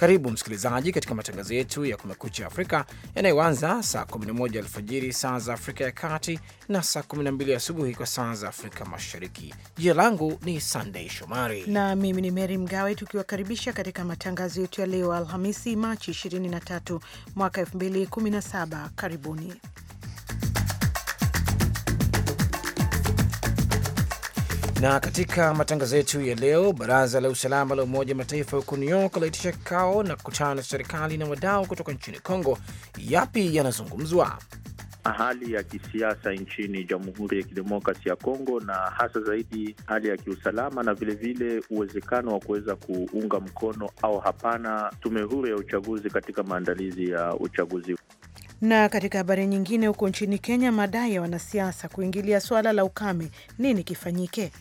Karibu msikilizaji katika matangazo yetu ya Kumekucha Afrika yanayoanza saa 11 alfajiri saa za Afrika ya Kati na saa 12 asubuhi kwa saa za Afrika Mashariki. Jina langu ni Sandei Shomari na mimi ni mery Mgawe, tukiwakaribisha katika matangazo yetu ya leo Alhamisi, Machi 23 mwaka 2017. Karibuni. Na katika matangazo yetu ya leo, baraza la usalama la Umoja Mataifa huko New York laitisha kikao na kukutana na serikali na wadau kutoka nchini congo Yapi yanazungumzwa? Hali ya kisiasa nchini Jamhuri ya Kidemokrasi ya Kongo na hasa zaidi hali ya kiusalama na vilevile vile uwezekano wa kuweza kuunga mkono au hapana tume huru ya uchaguzi katika maandalizi ya uchaguzi. Na katika habari nyingine, huko nchini Kenya, madai ya wanasiasa kuingilia swala la ukame, nini kifanyike?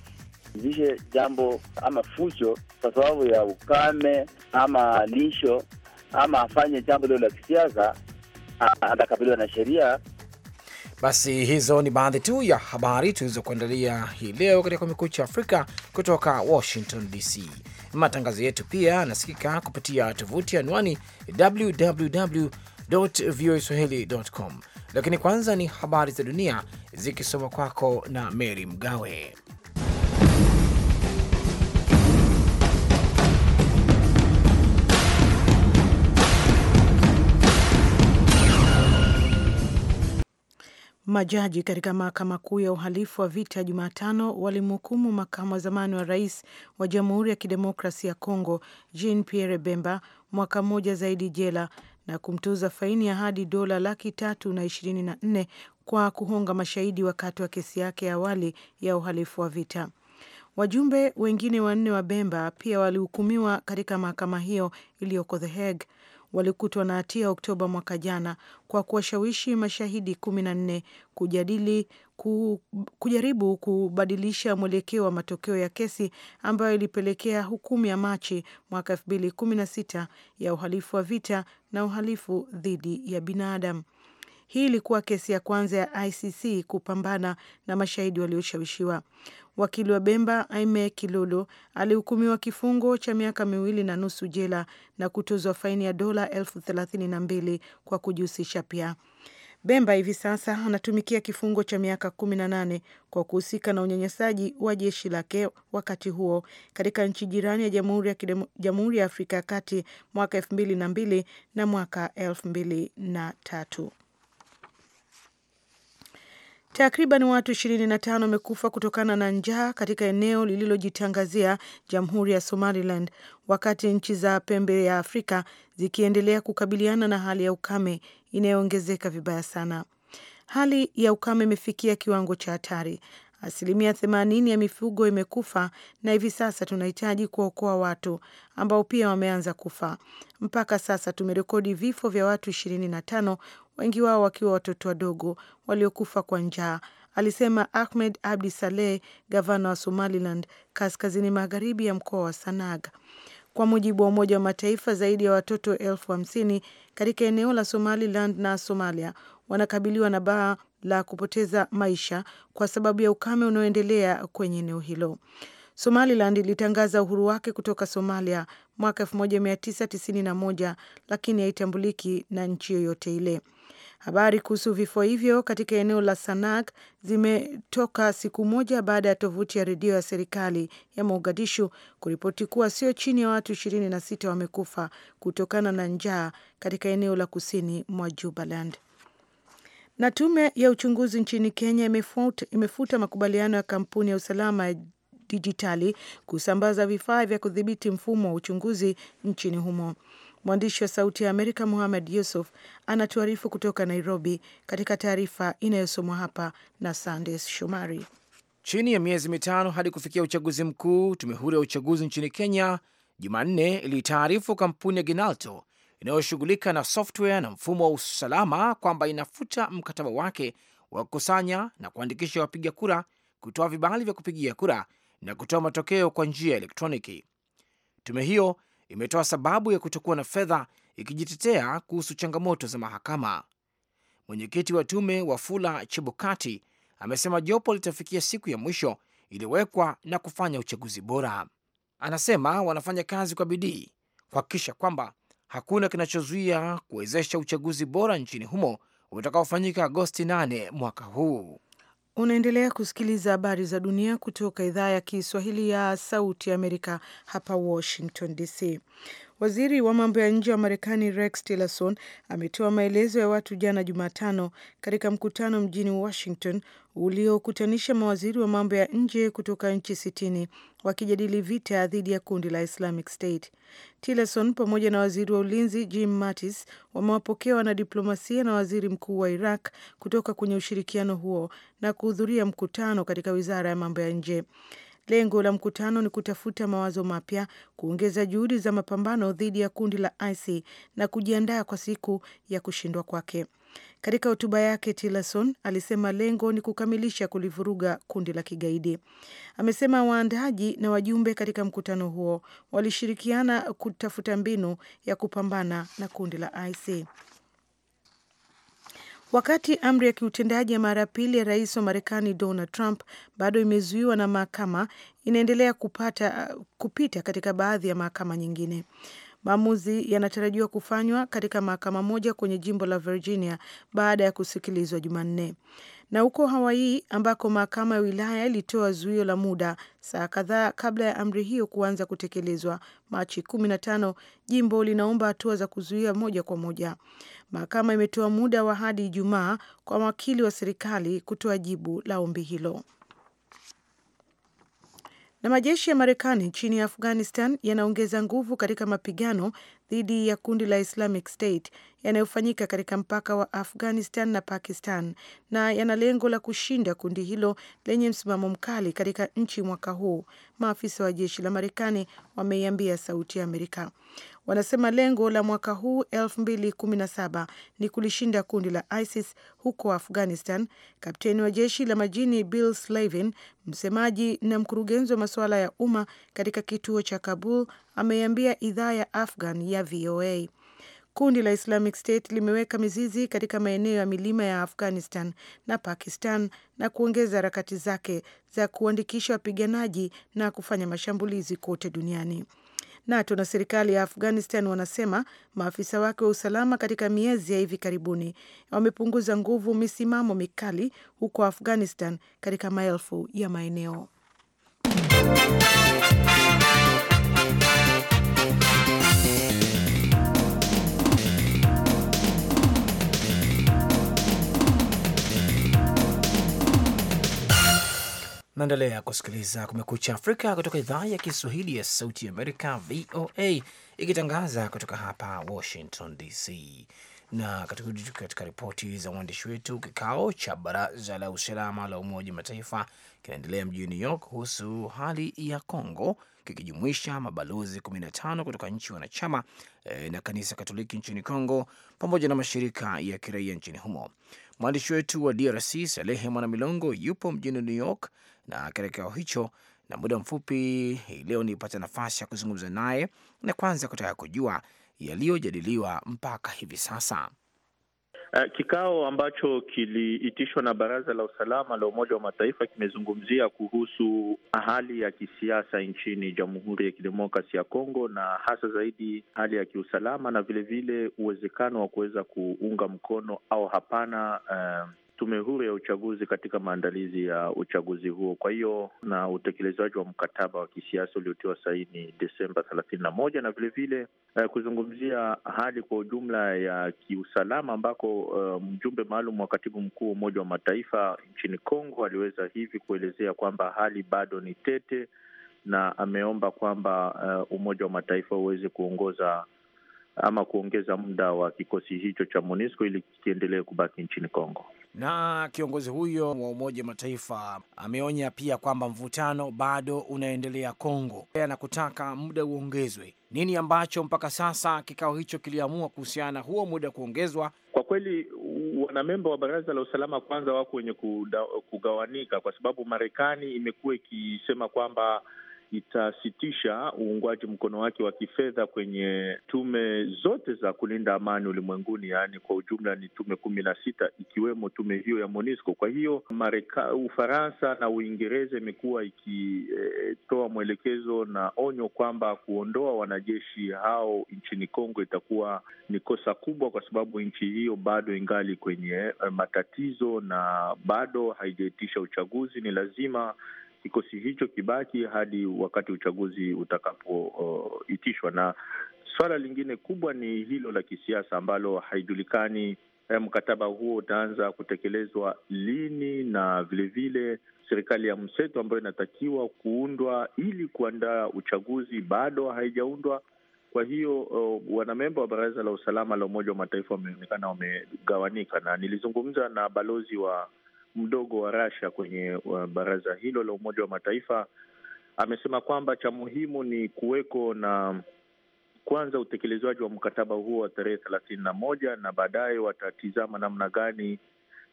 zishe jambo ama fujo kwa sababu ya ukame ama lisho ama afanye jambo lilo la kisiasa, atakabiliwa na sheria. Basi hizo ni baadhi tu ya habari tulizokuandalia hii leo katika Kumekucha Afrika kutoka Washington DC. Matangazo yetu pia yanasikika kupitia tovuti anwani www voa lakini kwanza ni habari za dunia zikisoma kwako na Mary Mgawe. Majaji katika mahakama kuu ya uhalifu wa vita Jumatano walimhukumu makamu wa zamani wa rais wa Jamhuri ya Kidemokrasi ya Kongo Jean Pierre Bemba mwaka mmoja zaidi jela na kumtuza faini ya hadi dola laki tatu na ishirini na nne kwa kuhonga mashahidi wakati wa kesi yake ya awali ya uhalifu wa vita. Wajumbe wengine wanne wa Bemba pia walihukumiwa katika mahakama hiyo iliyoko The Hague walikutwa na hatia Oktoba mwaka jana kwa kuwashawishi mashahidi kumi na nne kujadili ku, kujaribu kubadilisha mwelekeo wa matokeo ya kesi ambayo ilipelekea hukumu ya Machi mwaka elfu mbili kumi na sita ya uhalifu wa vita na uhalifu dhidi ya binadamu. Hii ilikuwa kesi ya kwanza ya ICC kupambana na mashahidi walioshawishiwa. Wakili wa Bemba Aime Kilolo alihukumiwa kifungo cha miaka miwili na nusu jela na kutozwa faini ya dola elfu thelathini na mbili kwa kujihusisha pia. Bemba hivi sasa anatumikia kifungo cha miaka kumi na nane kwa kuhusika na unyanyasaji wa jeshi lake wakati huo katika nchi jirani ya Jamhuri ya Afrika ya Kati mwaka elfu mbili na mbili na mwaka elfu mbili na tatu. Takriban watu 25 wamekufa kutokana na njaa katika eneo lililojitangazia Jamhuri ya Somaliland wakati nchi za pembe ya Afrika zikiendelea kukabiliana na hali ya ukame inayoongezeka vibaya sana. Hali ya ukame imefikia kiwango cha hatari Asilimia themanini ya mifugo imekufa na hivi sasa tunahitaji kuwaokoa watu ambao pia wameanza kufa. Mpaka sasa tumerekodi vifo vya watu ishirini na tano, wengi wao wakiwa watoto wadogo waliokufa kwa njaa, alisema Ahmed Abdi Saleh, gavana wa Somaliland kaskazini magharibi ya mkoa wa Sanaag. Kwa mujibu wa Umoja wa Mataifa, zaidi ya watoto elfu hamsini katika eneo la Somaliland na Somalia wanakabiliwa na baa la kupoteza maisha kwa sababu ya ukame unaoendelea kwenye eneo hilo. Somaliland ilitangaza uhuru wake kutoka Somalia mwaka 1991 lakini haitambuliki na nchi yoyote ile. Habari kuhusu vifo hivyo katika eneo la sanak zimetoka siku moja baada ya tovuti ya redio ya serikali ya Mogadishu kuripoti kuwa sio chini ya watu 26 wamekufa kutokana na njaa katika eneo la kusini mwa Jubaland. Na tume ya uchunguzi nchini Kenya imefuta, imefuta makubaliano ya kampuni ya usalama ya dijitali kusambaza vifaa vya kudhibiti mfumo wa uchunguzi nchini humo. Mwandishi wa Sauti ya Amerika Muhamed Yusuf anatuarifu kutoka Nairobi, katika taarifa inayosomwa hapa na Sandes Shomari. Chini ya miezi mitano hadi kufikia uchaguzi mkuu, tume huru ya uchaguzi nchini Kenya Jumanne ilitaarifu kampuni ya Ginalto inayoshughulika na software na mfumo wa usalama kwamba inafuta mkataba wake wa kukusanya na kuandikisha wapiga kura, kutoa vibali vya kupigia kura na kutoa matokeo kwa njia ya elektroniki. Tume hiyo imetoa sababu ya kutokuwa na fedha ikijitetea kuhusu changamoto za mahakama. Mwenyekiti wa tume Wafula Chebukati amesema jopo litafikia siku ya mwisho iliyowekwa na kufanya uchaguzi bora. Anasema wanafanya kazi kwa bidii kuhakikisha kwamba hakuna kinachozuia kuwezesha uchaguzi bora nchini humo utakaofanyika Agosti 8 mwaka huu. Unaendelea kusikiliza habari za dunia kutoka idhaa ya Kiswahili ya Sauti ya Amerika hapa Washington DC. Waziri wa mambo ya nje wa Marekani Rex Tillerson ametoa maelezo ya watu jana Jumatano katika mkutano mjini Washington uliokutanisha mawaziri wa mambo ya nje kutoka nchi sitini wakijadili vita dhidi ya kundi la Islamic State. Tillerson pamoja na waziri wa ulinzi Jim Mattis wamewapokea wanadiplomasia na waziri mkuu wa Iraq kutoka kwenye ushirikiano huo na kuhudhuria mkutano katika wizara ya mambo ya nje. Lengo la mkutano ni kutafuta mawazo mapya, kuongeza juhudi za mapambano dhidi ya kundi la IC na kujiandaa kwa siku ya kushindwa kwake. Katika hotuba yake Tillerson alisema lengo ni kukamilisha kulivuruga kundi la kigaidi. Amesema waandaji na wajumbe katika mkutano huo walishirikiana kutafuta mbinu ya kupambana na kundi la IC. Wakati amri ya kiutendaji ya mara pili ya rais wa Marekani Donald Trump bado imezuiwa na mahakama, inaendelea kupata, kupita katika baadhi ya mahakama nyingine. Maamuzi yanatarajiwa kufanywa katika mahakama moja kwenye jimbo la Virginia baada ya kusikilizwa Jumanne. Na huko Hawaii ambako mahakama ya wilaya ilitoa zuio la muda saa kadhaa kabla ya amri hiyo kuanza kutekelezwa Machi 15, jimbo linaomba hatua za kuzuia moja kwa moja. Mahakama imetoa muda wa hadi Ijumaa kwa wakili wa serikali kutoa jibu la ombi hilo. Na majeshi ya Marekani nchini Afghanistan yanaongeza nguvu katika mapigano dhidi ya kundi la Islamic State yanayofanyika katika mpaka wa Afghanistan na Pakistan na yana lengo la kushinda kundi hilo lenye msimamo mkali katika nchi mwaka huu, maafisa wa jeshi la Marekani wameiambia Sauti ya Amerika wanasema lengo la mwaka huu 2017 ni kulishinda kundi la ISIS huko Afghanistan. Kapteni wa jeshi la majini Bill Slavin, msemaji na mkurugenzi wa masuala ya umma katika kituo cha Kabul, ameiambia idhaa ya Afghan ya VOA kundi la Islamic State limeweka mizizi katika maeneo ya milima ya Afghanistan na Pakistan na kuongeza harakati zake za kuandikisha wapiganaji na kufanya mashambulizi kote duniani. NATO na serikali ya Afghanistan wanasema maafisa wake wa usalama katika miezi ya hivi karibuni wamepunguza nguvu misimamo mikali huko Afghanistan katika maelfu ya maeneo. Naendelea kusikiliza Kumekucha Afrika kutoka idhaa ya Kiswahili ya Sauti Amerika, VOA, ikitangaza kutoka hapa Washington DC. Na katika ripoti za mwandishi wetu, kikao cha Baraza la Usalama la Umoja Mataifa kinaendelea mjini New York kuhusu hali ya Congo, kikijumuisha mabalozi 15 kutoka nchi wanachama eh, na kanisa Katoliki nchini Congo pamoja na mashirika ya kiraia nchini humo. Mwandishi wetu wa DRC Salehe Mwanamilongo yupo mjini New York na katika kikao hicho, na muda mfupi hii leo nilipata nafasi ya kuzungumza naye na kwanza kutaka kujua yaliyojadiliwa mpaka hivi sasa. Eh, kikao ambacho kiliitishwa na Baraza la Usalama la Umoja wa Mataifa kimezungumzia kuhusu hali ya kisiasa nchini Jamhuri ya Kidemokrasi ya Kongo na hasa zaidi hali ya kiusalama na vilevile uwezekano wa kuweza kuunga mkono au hapana, uh, tume huru ya uchaguzi katika maandalizi ya uchaguzi huo. Kwa hiyo na utekelezaji wa mkataba wa kisiasa uliotiwa saini Desemba thelathini na moja na vilevile vile, uh, kuzungumzia hali kwa ujumla ya kiusalama ambako uh, mjumbe maalum wa katibu mkuu wa Umoja wa Mataifa nchini Kongo aliweza hivi kuelezea kwamba hali bado ni tete na ameomba kwamba uh, Umoja wa Mataifa uweze kuongoza ama kuongeza muda wa kikosi hicho cha MONUSCO ili kiendelee kubaki nchini Kongo. Na kiongozi huyo wa Umoja Mataifa ameonya pia kwamba mvutano bado unaendelea Kongo na kutaka muda uongezwe. Nini ambacho mpaka sasa kikao hicho kiliamua kuhusiana na huo muda kuongezwa? Kwa kweli wanamemba wa baraza la usalama kwanza wako wenye kugawanika kwa sababu Marekani imekuwa ikisema kwamba itasitisha uungwaji mkono wake wa kifedha kwenye tume zote za kulinda amani ulimwenguni, yaani kwa ujumla ni tume kumi na sita ikiwemo tume hiyo ya MONUSCO. Kwa hiyo Mareka, Ufaransa na Uingereza imekuwa ikitoa e, mwelekezo na onyo kwamba kuondoa wanajeshi hao nchini Kongo itakuwa ni kosa kubwa, kwa sababu nchi hiyo bado ingali kwenye eh, matatizo na bado haijaitisha uchaguzi. Ni lazima kikosi hicho kibaki hadi wakati uchaguzi utakapoitishwa. Uh, na swala lingine kubwa ni hilo la kisiasa ambalo haijulikani eh, mkataba huo utaanza kutekelezwa lini, na vilevile serikali ya mseto ambayo inatakiwa kuundwa ili kuandaa uchaguzi bado haijaundwa. Kwa hiyo uh, wanamemba wa Baraza la Usalama la Umoja wa Mataifa wameonekana wamegawanika, na nilizungumza na balozi wa mdogo wa Russia kwenye baraza hilo la Umoja wa Mataifa amesema kwamba cha muhimu ni kuweko na kwanza utekelezaji wa mkataba huo wa tarehe thelathini na moja na baadaye watatizama namna gani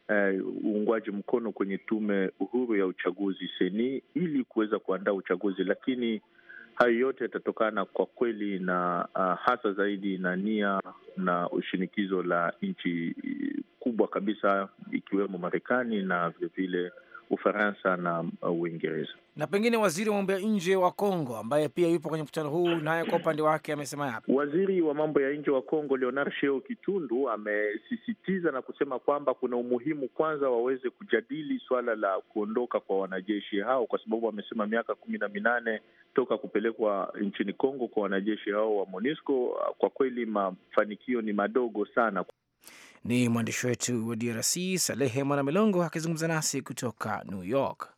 eh, uungwaji uh, mkono kwenye tume uhuru ya uchaguzi seni ili kuweza kuandaa uchaguzi, lakini Hayo yote yatatokana kwa kweli na uh, hasa zaidi na nia na ushinikizo la nchi eh, kubwa kabisa ikiwemo Marekani na vilevile Ufaransa na uh, Uingereza. Na pengine waziri wa mambo ya nje wa Kongo ambaye pia yupo kwenye mkutano huu, naye kwa upande wake amesema yapi? Waziri wa mambo ya nje wa Kongo Leonard Sheo Kitundu amesisitiza na kusema kwamba kuna umuhimu kwanza waweze kujadili swala la kuondoka kwa wanajeshi hao, kwa sababu amesema miaka kumi na minane toka kupelekwa nchini Kongo kwa wanajeshi hao wa MONUSCO, kwa kweli mafanikio ni madogo sana. Ni mwandishi wetu wa DRC Salehe Mwanamilongo akizungumza nasi kutoka New York.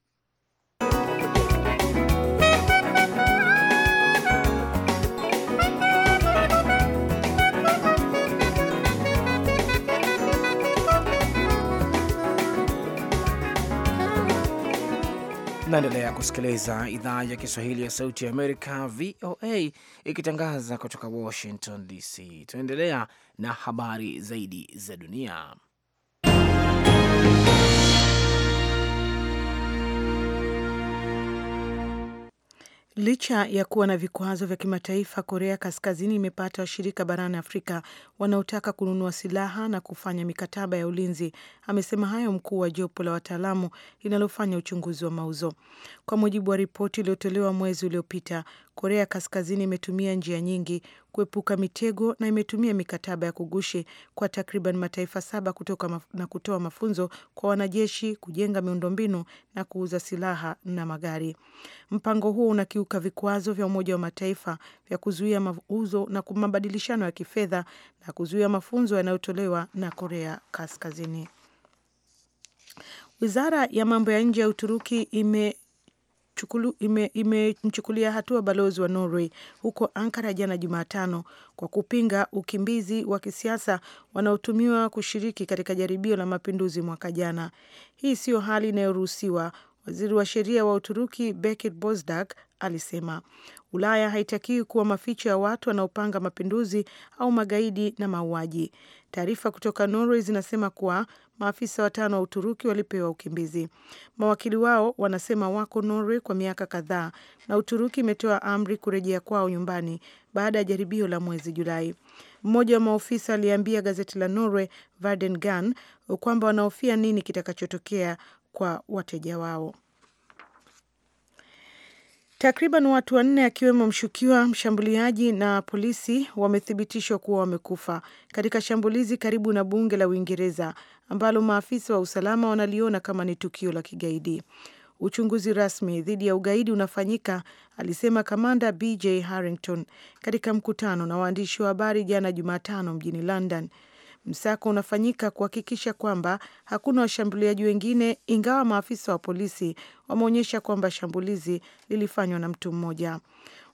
Naendelea kusikiliza idhaa ya Kiswahili ya Sauti ya Amerika, VOA, ikitangaza kutoka Washington DC. Tunaendelea na habari zaidi za dunia. Licha ya kuwa na vikwazo vya kimataifa, Korea Kaskazini imepata washirika barani Afrika wanaotaka kununua silaha na kufanya mikataba ya ulinzi. Amesema hayo mkuu wa jopo la wataalamu linalofanya uchunguzi wa mauzo. Kwa mujibu wa ripoti iliyotolewa mwezi uliopita, Korea Kaskazini imetumia njia nyingi kuepuka mitego na imetumia mikataba ya kugushi kwa takriban mataifa saba kutoka maf na kutoa mafunzo kwa wanajeshi, kujenga miundombinu na kuuza silaha na magari. Mpango huo unakiuka vikwazo vya Umoja wa Mataifa vya kuzuia mauzo na mabadilishano ya kifedha na kuzuia mafunzo yanayotolewa na Korea Kaskazini. Wizara ya mambo ya nje ya Uturuki ime imemchukulia ime hatua balozi wa Norway huko Ankara jana Jumatano kwa kupinga ukimbizi wa kisiasa wanaotumiwa kushiriki katika jaribio la mapinduzi mwaka jana. Hii siyo hali inayoruhusiwa, waziri wa sheria wa Uturuki Bekir Bozdag alisema. Ulaya haitakiwi kuwa maficho ya watu wanaopanga mapinduzi au magaidi na mauaji. Taarifa kutoka Norway zinasema kuwa maafisa watano wa Uturuki walipewa ukimbizi. Mawakili wao wanasema wako Norway kwa miaka kadhaa na Uturuki imetoa amri kurejea kwao nyumbani baada ya jaribio la mwezi Julai. Mmoja wa maofisa aliambia gazeti la Norway Varden Gan kwamba wanahofia nini kitakachotokea kwa wateja wao. Takriban watu wanne akiwemo mshukiwa, mshambuliaji na polisi wamethibitishwa kuwa wamekufa katika shambulizi karibu na bunge la Uingereza ambalo maafisa wa usalama wanaliona kama ni tukio la kigaidi. Uchunguzi rasmi dhidi ya ugaidi unafanyika, alisema kamanda BJ Harrington katika mkutano na waandishi wa habari jana Jumatano mjini London Msako unafanyika kuhakikisha kwamba hakuna washambuliaji wengine, ingawa maafisa wa polisi wameonyesha kwamba shambulizi lilifanywa na mtu mmoja.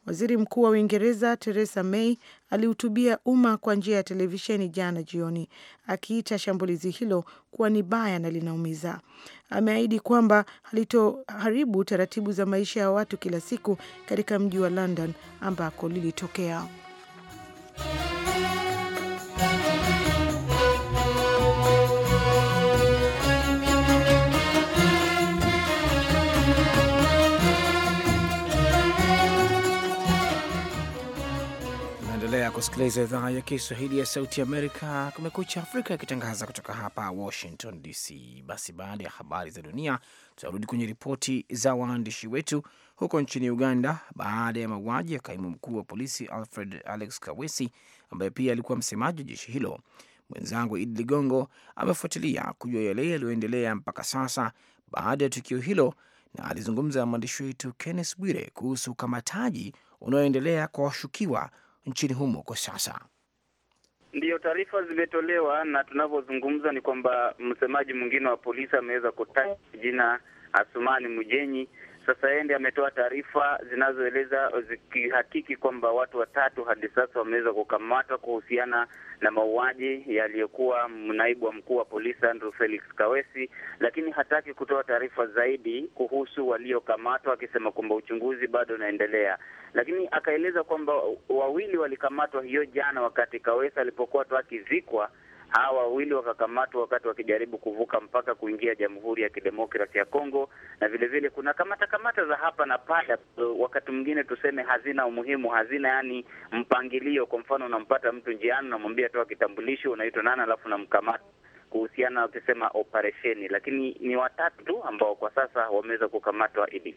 Waziri Mkuu wa Uingereza Theresa May alihutubia umma kwa njia ya televisheni jana jioni, akiita shambulizi hilo kuwa ni baya na linaumiza. Ameahidi kwamba halitoharibu taratibu za maisha ya watu kila siku katika mji wa London ambako lilitokea. Naendelea kusikiliza idhaa ya Kiswahili ya Sauti Amerika, Kumekucha Afrika, ikitangaza kutoka hapa Washington DC. Basi baada ya habari za dunia, tunarudi kwenye ripoti za waandishi wetu huko nchini Uganda. Baada ya mauaji ya kaimu mkuu wa polisi Alfred Alex Kawesi, ambaye pia alikuwa msemaji wa jeshi hilo, mwenzangu Idi Ligongo amefuatilia kujua yale yaliyoendelea mpaka sasa baada ya tukio hilo, na alizungumza na mwandishi wetu Kenneth Bwire kuhusu ukamataji unaoendelea kwa washukiwa nchini humo kwa sasa. Ndiyo, taarifa zimetolewa na tunavyozungumza ni kwamba msemaji mwingine wa polisi ameweza kutaja jina Asumani Mujenyi sasa yeye ndiye ametoa taarifa zinazoeleza uh, zikihakiki kwamba watu watatu hadi sasa wameweza kukamatwa kuhusiana na mauaji yaliyokuwa naibu wa mkuu wa polisi Andrew Felix Kawesi, lakini hataki kutoa taarifa zaidi kuhusu waliokamatwa, akisema kwamba uchunguzi bado unaendelea. Lakini akaeleza kwamba wawili walikamatwa hiyo jana wakati Kawesi alipokuwa tu akizikwa Hawa wawili wakakamatwa wakati wakijaribu kuvuka mpaka kuingia Jamhuri ya Kidemokrasi ya Kongo, na vile vile kuna kamata kamata za hapa na pale, uh, wakati mwingine tuseme hazina umuhimu, hazina yani mpangilio. Kwa mfano, unampata mtu njiani, unamwambia toa kitambulisho, unaitwa nani, alafu unamkamata kuhusiana na operesheni, lakini ni watatu tu ambao kwa sasa wameweza kukamatwa. Idi,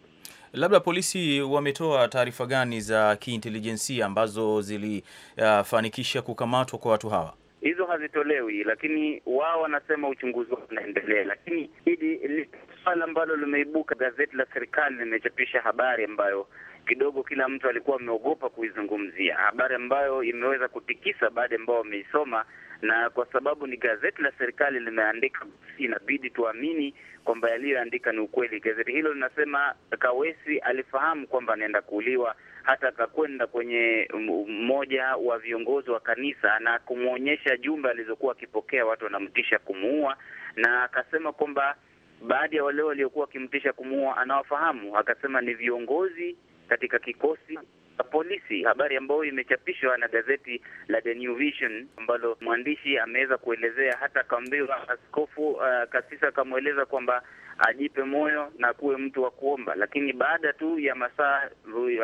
labda polisi wametoa taarifa gani za kiintelijensia ambazo zilifanikisha uh, kukamatwa kwa watu hawa? hizo hazitolewi, lakini wao wanasema uchunguzi wao unaendelea. Lakini hili swala ambalo limeibuka, gazeti la serikali limechapisha habari ambayo kidogo kila mtu alikuwa ameogopa kuizungumzia, habari ambayo imeweza kutikisa baadhi ambao wameisoma na kwa sababu ni gazeti la serikali limeandika, inabidi tuamini kwamba yaliyoandika ni ukweli. Gazeti hilo linasema Kawesi alifahamu kwamba anaenda kuuliwa, hata akakwenda kwenye mmoja wa viongozi wa kanisa na kumwonyesha jumbe alizokuwa akipokea watu wanamtisha kumuua, na akasema kwamba baadhi ya wale waliokuwa wakimtisha kumuua anawafahamu. Akasema ni viongozi katika kikosi polisi, habari ambayo imechapishwa na gazeti la The New Vision ambalo mwandishi ameweza kuelezea. Hata akaambiwa askofu, uh, kasisa akamweleza kwamba ajipe moyo na kuwe mtu wa kuomba, lakini baada tu ya masaa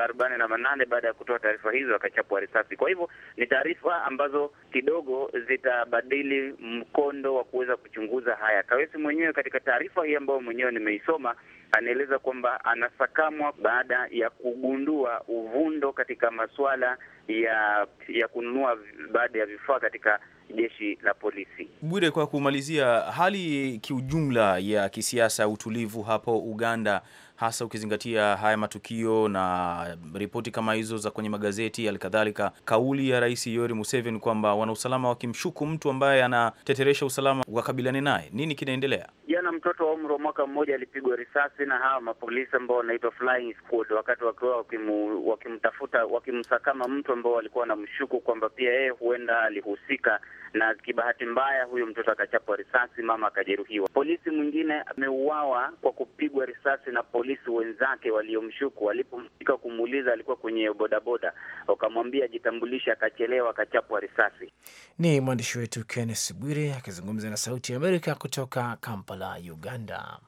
arobaini na manane baada ya kutoa taarifa hizo akachapwa risasi. Kwa hivyo ni taarifa ambazo kidogo zitabadili mkondo wa kuweza kuchunguza haya. Kawesi mwenyewe katika taarifa hii ambayo mwenyewe nimeisoma anaeleza kwamba anasakamwa baada ya kugundua uvundo katika masuala ya ya kununua baadhi ya vifaa katika jeshi la polisi. Bwire, kwa kumalizia, hali kiujumla ya kisiasa, utulivu hapo Uganda hasa ukizingatia haya matukio na ripoti kama hizo za kwenye magazeti, alikadhalika kauli ya Rais Yoweri Museveni kwamba wanausalama wakimshuku mtu ambaye anateteresha usalama wakabiliane naye. Nini kinaendelea? Jana mtoto wa umri wa mwaka mmoja alipigwa risasi na hawa mapolisi ambao wanaitwa flying squad, wakati wakiwa wakimtafuta wakimsakama mtu ambao walikuwa wanamshuku kwamba pia yeye huenda alihusika na kibahati mbaya huyu mtoto akachapwa risasi, mama akajeruhiwa. Polisi mwingine ameuawa kwa kupigwa risasi na polisi wenzake waliomshuku. Walipomfika kumuuliza, alikuwa kwenye bodaboda, wakamwambia ajitambulishe, akachelewa, akachapwa risasi. Ni mwandishi wetu Kenneth Bwire akizungumza na Sauti ya Amerika kutoka Kampala, Uganda.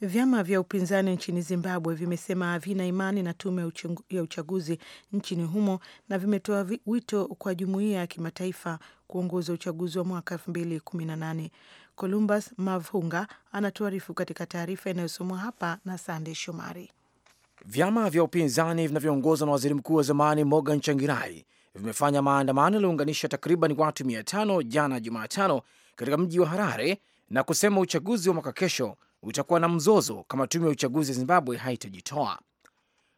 Vyama vya upinzani nchini Zimbabwe vimesema havina imani na tume ya uchaguzi nchini humo na vimetoa wito kwa jumuiya ya kimataifa kuongoza uchaguzi wa mwaka elfu mbili kumi na nane. Columbus Mavhunga anatuarifu katika taarifa inayosomwa hapa na Sande Shomari. Vyama vya upinzani vinavyoongozwa na waziri mkuu wa zamani Morgan Changirai vimefanya maandamano yaliyounganisha takriban watu mia tano jana Jumatano katika mji wa Harare na kusema uchaguzi wa mwaka kesho utakuwa na mzozo kama tume ya uchaguzi ya Zimbabwe haitajitoa.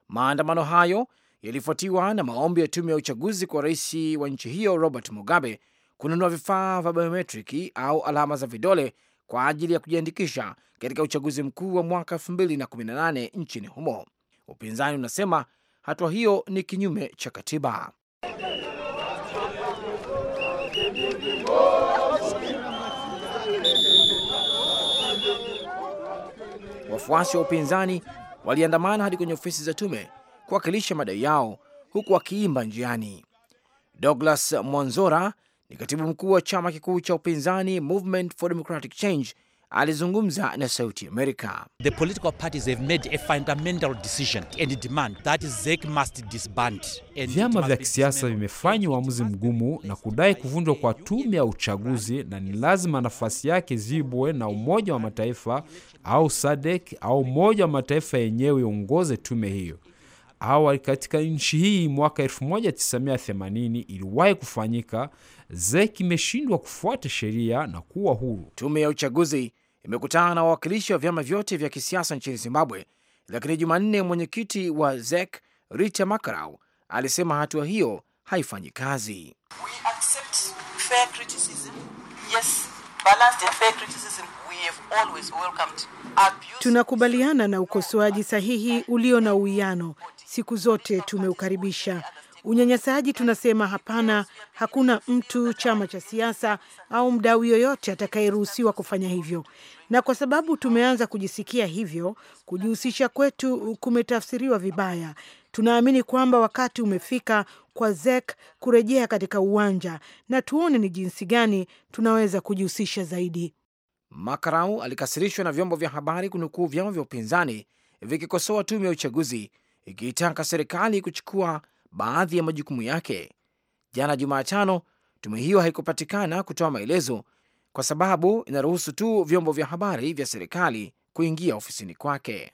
Maandamano hayo yalifuatiwa na maombi ya tume ya uchaguzi kwa rais wa nchi hiyo Robert Mugabe kununua vifaa vya biometriki au alama za vidole kwa ajili ya kujiandikisha katika uchaguzi mkuu wa mwaka 2018 nchini humo. Upinzani unasema hatua hiyo ni kinyume cha katiba. wafuasi wa upinzani waliandamana hadi kwenye ofisi za tume kuwakilisha madai yao huku wakiimba njiani. Douglas Mwanzora ni katibu mkuu wa chama kikuu cha upinzani Movement for Democratic Change alizungumza na Sauti Amerika. The political parties have made a fundamental decision and demand that ZEC must disband. Vyama vya kisiasa vimefanya uamuzi mgumu na kudai kuvunjwa kwa tume ya uchaguzi, na ni lazima nafasi yake zibwe na Umoja wa Mataifa au SADEK au Umoja wa Mataifa yenyewe iongoze tume hiyo. Awali katika nchi hii mwaka 1980 iliwahi kufanyika. ZEC imeshindwa kufuata sheria na kuwa huru. Tume ya uchaguzi imekutana na wawakilishi wa vyama vyote vya kisiasa nchini Zimbabwe, lakini Jumanne mwenyekiti wa ZEK Rita Makarau alisema hatua hiyo haifanyi kazi. Tunakubaliana na ukosoaji sahihi ulio na uwiano, siku zote tumeukaribisha unyanyasaji tunasema hapana. Hakuna mtu, chama cha siasa au mdau yoyote atakayeruhusiwa kufanya hivyo, na kwa sababu tumeanza kujisikia hivyo, kujihusisha kwetu kumetafsiriwa vibaya. Tunaamini kwamba wakati umefika kwa ZEK kurejea katika uwanja na tuone ni jinsi gani tunaweza kujihusisha zaidi. Makarau alikasirishwa na vyombo vya habari kunukuu vyama vya upinzani vikikosoa tume ya uchaguzi ikiitaka serikali kuchukua baadhi ya majukumu yake. Jana Jumatano, tume hiyo haikupatikana kutoa maelezo kwa sababu inaruhusu tu vyombo vya habari vya serikali kuingia ofisini kwake.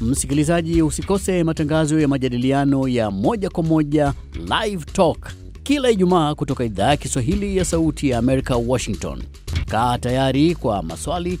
Msikilizaji, usikose matangazo ya majadiliano ya moja kwa moja Live Talk kila Ijumaa kutoka idhaa ya Kiswahili ya Sauti ya Amerika, Washington. Kaa tayari kwa maswali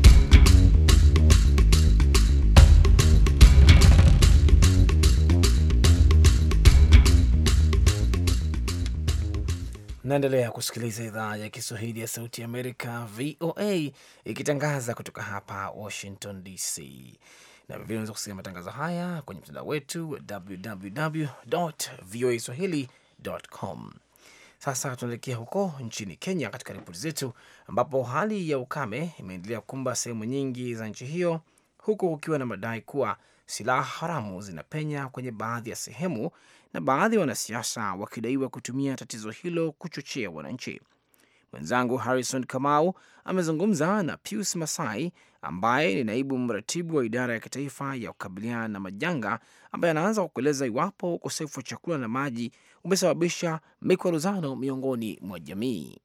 Naendelea kusikiliza idhaa ya Kiswahili ya Sauti ya Amerika, VOA, ikitangaza kutoka hapa Washington DC, na vilevile unaweza kusikia matangazo haya kwenye mtandao wetu www voa swahili.com. Sasa tunaelekea huko nchini Kenya katika ripoti zetu, ambapo hali ya ukame imeendelea kukumba sehemu nyingi za nchi hiyo, huku kukiwa na madai kuwa silaha haramu zinapenya kwenye baadhi ya sehemu na baadhi ya wanasiasa wakidaiwa kutumia tatizo hilo kuchochea wananchi. Mwenzangu Harrison Kamau amezungumza na Pius Masai ambaye ni naibu mratibu wa idara ya kitaifa ya kukabiliana na majanga, ambaye anaanza kwa kueleza iwapo ukosefu wa chakula na maji umesababisha mikwaruzano miongoni mwa jamii.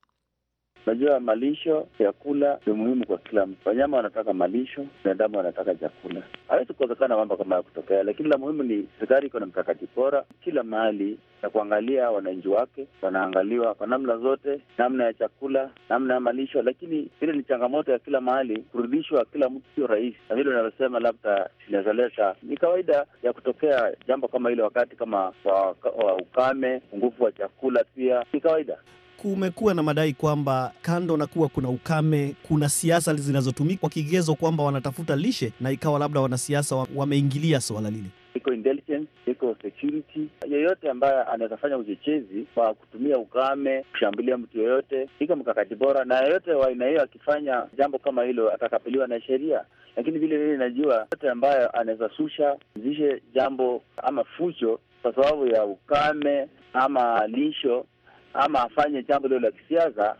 Najua malisho, vyakula ni muhimu kwa kila mtu. Wanyama wanataka malisho, binadamu wanataka chakula. Hawezi kukosekana mambo kama ya kutokea, lakini la muhimu ni serikali iko na mkakati bora kila mahali na kuangalia wananchi wake, wanaangaliwa kwa namna zote, namna ya chakula, namna ya malisho. Lakini vile ni changamoto ya kila mahali, kurudishwa kila mtu sio rahisi, na vile unavyosema labda inawezaleta ni kawaida ya kutokea jambo kama hilo, wakati kama wa, wa ukame, upungufu wa chakula, pia ni kawaida kumekuwa na madai kwamba kando na kuwa kuna ukame, kuna siasa zinazotumika kwa kigezo kwamba wanatafuta lishe, na ikawa labda wanasiasa wameingilia suala lile. Iko intelligence, iko security, yeyote ambaye anaweza fanya uchochezi kwa kutumia ukame, kushambulia mtu yoyote, iko mkakati bora, na yeyote wa aina hiyo akifanya jambo kama hilo atakabiliwa na sheria. Lakini vile vile najua yote ambayo anaweza susha zishe jambo ama fujo kwa sababu ya ukame ama lisho ama afanye jambo lilo la kisiasa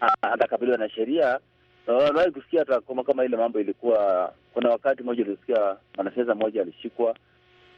ah, atakabiliwa na sheria. Waliwahi kusikia hata kama ile mambo ilikuwa, kuna wakati mmoja ulisikia mwanasiasa mmoja alishikwa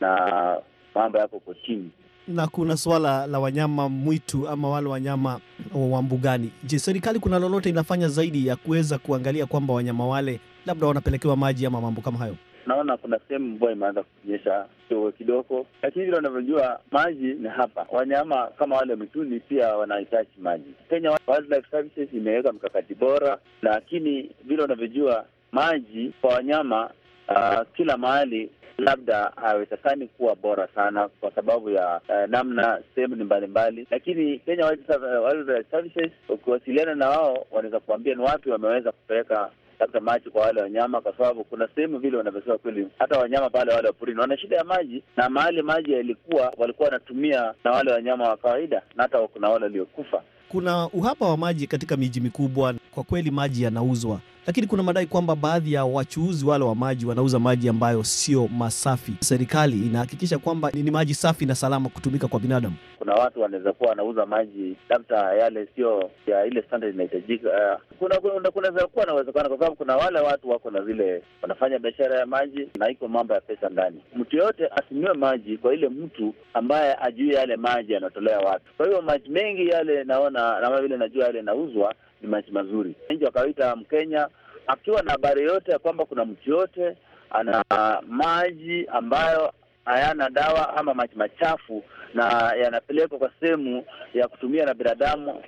na mambo yako kotini. Na kuna swala la wanyama mwitu ama wale wanyama wa mbugani. Je, serikali kuna lolote inafanya zaidi ya kuweza kuangalia kwamba wanyama wale labda wanapelekewa maji ama mambo kama hayo? tunaona kuna sehemu mvua imeanza kunyesha kidogo kidogo, lakini vile wanavyojua maji ni hapa. Wanyama kama wale mituni pia wanahitaji maji. Kenya Wildlife Services imeweka mkakati bora, lakini vile wanavyojua maji kwa wanyama uh, kila mahali labda hawezekani kuwa bora sana kwa sababu ya uh, namna sehemu ni mbalimbali, lakini Kenya Wildlife Services ukiwasiliana na wao wanaweza kuambia ni wapi wameweza kupeleka labda maji kwa wale wanyama, kwa sababu kuna sehemu vile wanavyosema kweli, hata wanyama pale wale waporini wana shida ya maji, na mahali maji yalikuwa walikuwa wanatumia na wale wanyama wa kawaida, na hata kuna wale waliokufa. Kuna uhaba wa maji katika miji mikubwa, kwa kweli maji yanauzwa lakini kuna madai kwamba baadhi ya wachuuzi wale wa maji wanauza maji ambayo sio masafi. Serikali inahakikisha kwamba ni maji safi na salama kutumika kwa binadamu. Kuna watu wanaweza kuwa wanauza maji labda yale sio ya ile standard inahitajika. Kuna kunaweza kuna kuwa nawezekana, kwa sababu kuna wale watu wako na zile wanafanya biashara ya maji na iko mambo ya pesa ndani. Mtu yoyote asinue maji kwa ile mtu ambaye ajui yale maji yanatolea watu. Kwa hiyo maji mengi yale naona, kama vile najua yale inauzwa ni maisha mazuri. Nje wakawaita Mkenya akiwa na habari yote ya kwamba kuna mtu yote ana maji ambayo hayana dawa ama maji machafu na yanapelekwa kwa sehemu ya kutumia na binadamu,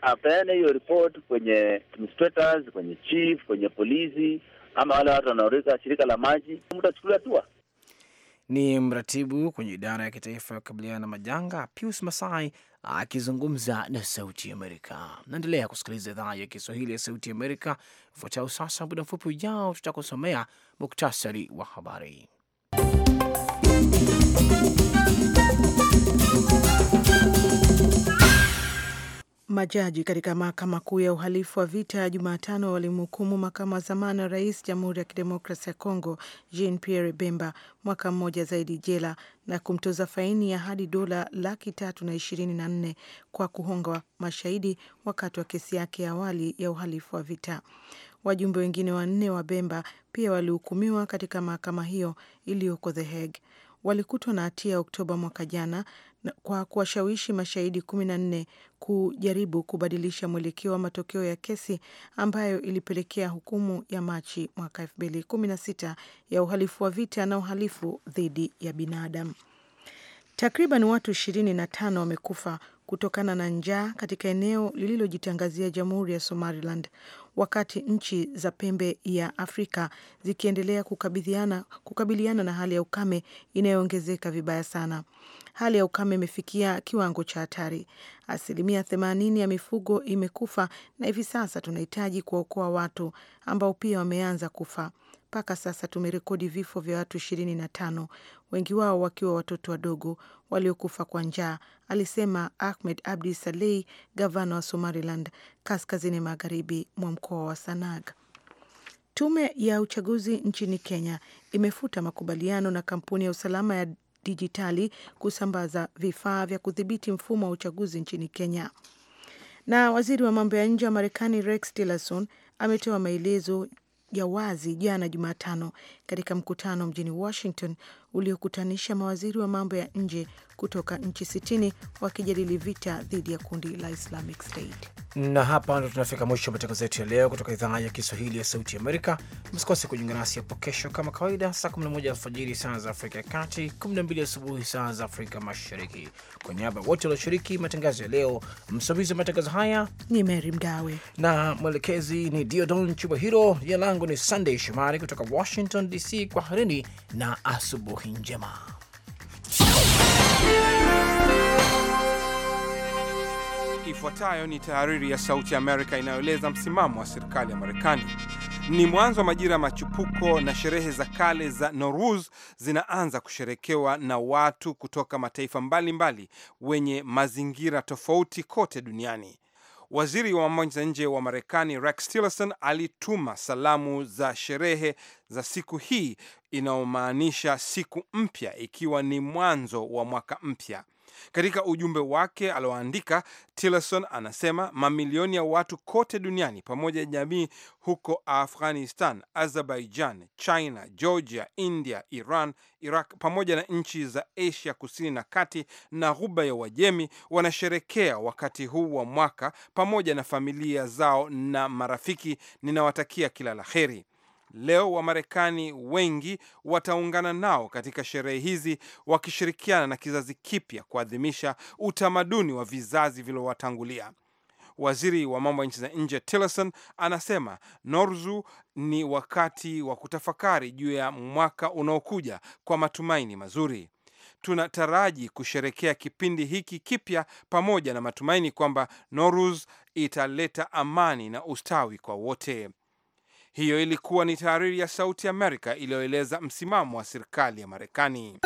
apeane hiyo ripoti kwenye administrators, kwenye chief, kwenye polisi ama wale watu wanaorika shirika la maji, mtu achukulia hatua. Ni mratibu kwenye idara ya kitaifa ya kukabiliana na majanga Pius Masai akizungumza na Sauti Amerika. Naendelea kusikiliza idhaa ya Kiswahili ya Sauti Amerika. Ufuatao sasa, muda mfupi ujao, tutakusomea muktasari wa habari Majaji katika mahakama kuu ya uhalifu wa vita Jumatano walimhukumu makamu wa zamani wa rais Jamhuri ya kidemokrasi ya Kongo Jean Pierre Bemba mwaka mmoja zaidi jela na kumtoza faini ya hadi dola laki tatu na ishirini na nne kwa kuhonga mashahidi wakati wa kesi yake ya awali ya uhalifu wa vita. Wajumbe wengine wanne wa Bemba pia walihukumiwa katika mahakama hiyo iliyoko The Hague. Walikutwa na hatia Oktoba mwaka jana kwa kuwashawishi mashahidi kumi na nne kujaribu kubadilisha mwelekeo wa matokeo ya kesi ambayo ilipelekea hukumu ya Machi mwaka elfu mbili kumi na sita ya uhalifu wa vita na uhalifu dhidi ya binadamu. Takriban watu ishirini na tano wamekufa kutokana na njaa katika eneo lililojitangazia jamhuri ya Somaliland wakati nchi za pembe ya Afrika zikiendelea kukabiliana na hali ya ukame inayoongezeka vibaya sana hali ya ukame imefikia kiwango cha hatari. Asilimia themanini ya mifugo imekufa na hivi sasa tunahitaji kuwaokoa watu ambao pia wameanza kufa. Mpaka sasa tumerekodi vifo vya watu ishirini na tano, wengi wao wakiwa watoto wadogo waliokufa kwa njaa, alisema Ahmed Abdi salei gavana wa Somaliland kaskazini magharibi mwa mkoa wa Sanaag. Tume ya uchaguzi nchini Kenya imefuta makubaliano na kampuni ya usalama ya dijitali kusambaza vifaa vya kudhibiti mfumo wa uchaguzi nchini Kenya. Na waziri wa mambo ya nje wa Marekani Rex Tillerson ametoa maelezo ya wazi jana Jumatano katika mkutano mjini Washington uliokutanisha mawaziri wa mambo ya nje kutoka nchi sitini wakijadili vita dhidi ya kundi la Islamic State na hapa ndo tunafika mwisho wa matangazo yetu ya leo kutoka idhaa ya Kiswahili ya Sauti Amerika. Msikose kujiunga nasi hapo kesho kama kawaida, saa 11 alfajiri saa za Afrika ya Kati, 12 asubuhi saa za Afrika Mashariki. Kwa niaba ya wote walioshiriki matangazo ya leo, msimamizi wa matangazo haya ni Meri Mgawe na mwelekezi ni Diodon Chubahiro. Jina langu ni Sandey Shomari kutoka Washington DC. Kwaherini na asubuhi njema. Ifuatayo ni tahariri ya Sauti ya Amerika inayoeleza msimamo wa serikali ya Marekani. Ni mwanzo wa majira ya machupuko na sherehe za kale za Noruz zinaanza kusherekewa na watu kutoka mataifa mbalimbali mbali, wenye mazingira tofauti kote duniani. Waziri wa mambo ya nje wa Marekani Rex Tillerson alituma salamu za sherehe za siku hii inayomaanisha siku mpya, ikiwa ni mwanzo wa mwaka mpya. Katika ujumbe wake alioandika, Tillerson anasema mamilioni ya watu kote duniani pamoja na jamii huko Afghanistan, Azerbaijan, China, Georgia, India, Iran, Iraq pamoja na nchi za Asia kusini na kati na ghuba ya Uajemi wanasherekea wakati huu wa mwaka pamoja na familia zao na marafiki. Ninawatakia kila la heri. Leo Wamarekani wengi wataungana nao katika sherehe hizi wakishirikiana na kizazi kipya kuadhimisha utamaduni wa vizazi vilivyowatangulia. Waziri wa mambo ya nchi za nje Tillerson anasema Norzu ni wakati wa kutafakari juu ya mwaka unaokuja kwa matumaini mazuri. Tunataraji kusherekea kipindi hiki kipya pamoja na matumaini kwamba Norus italeta amani na ustawi kwa wote. Hiyo ilikuwa ni tahariri ya Sauti Amerika iliyoeleza msimamo wa serikali ya Marekani.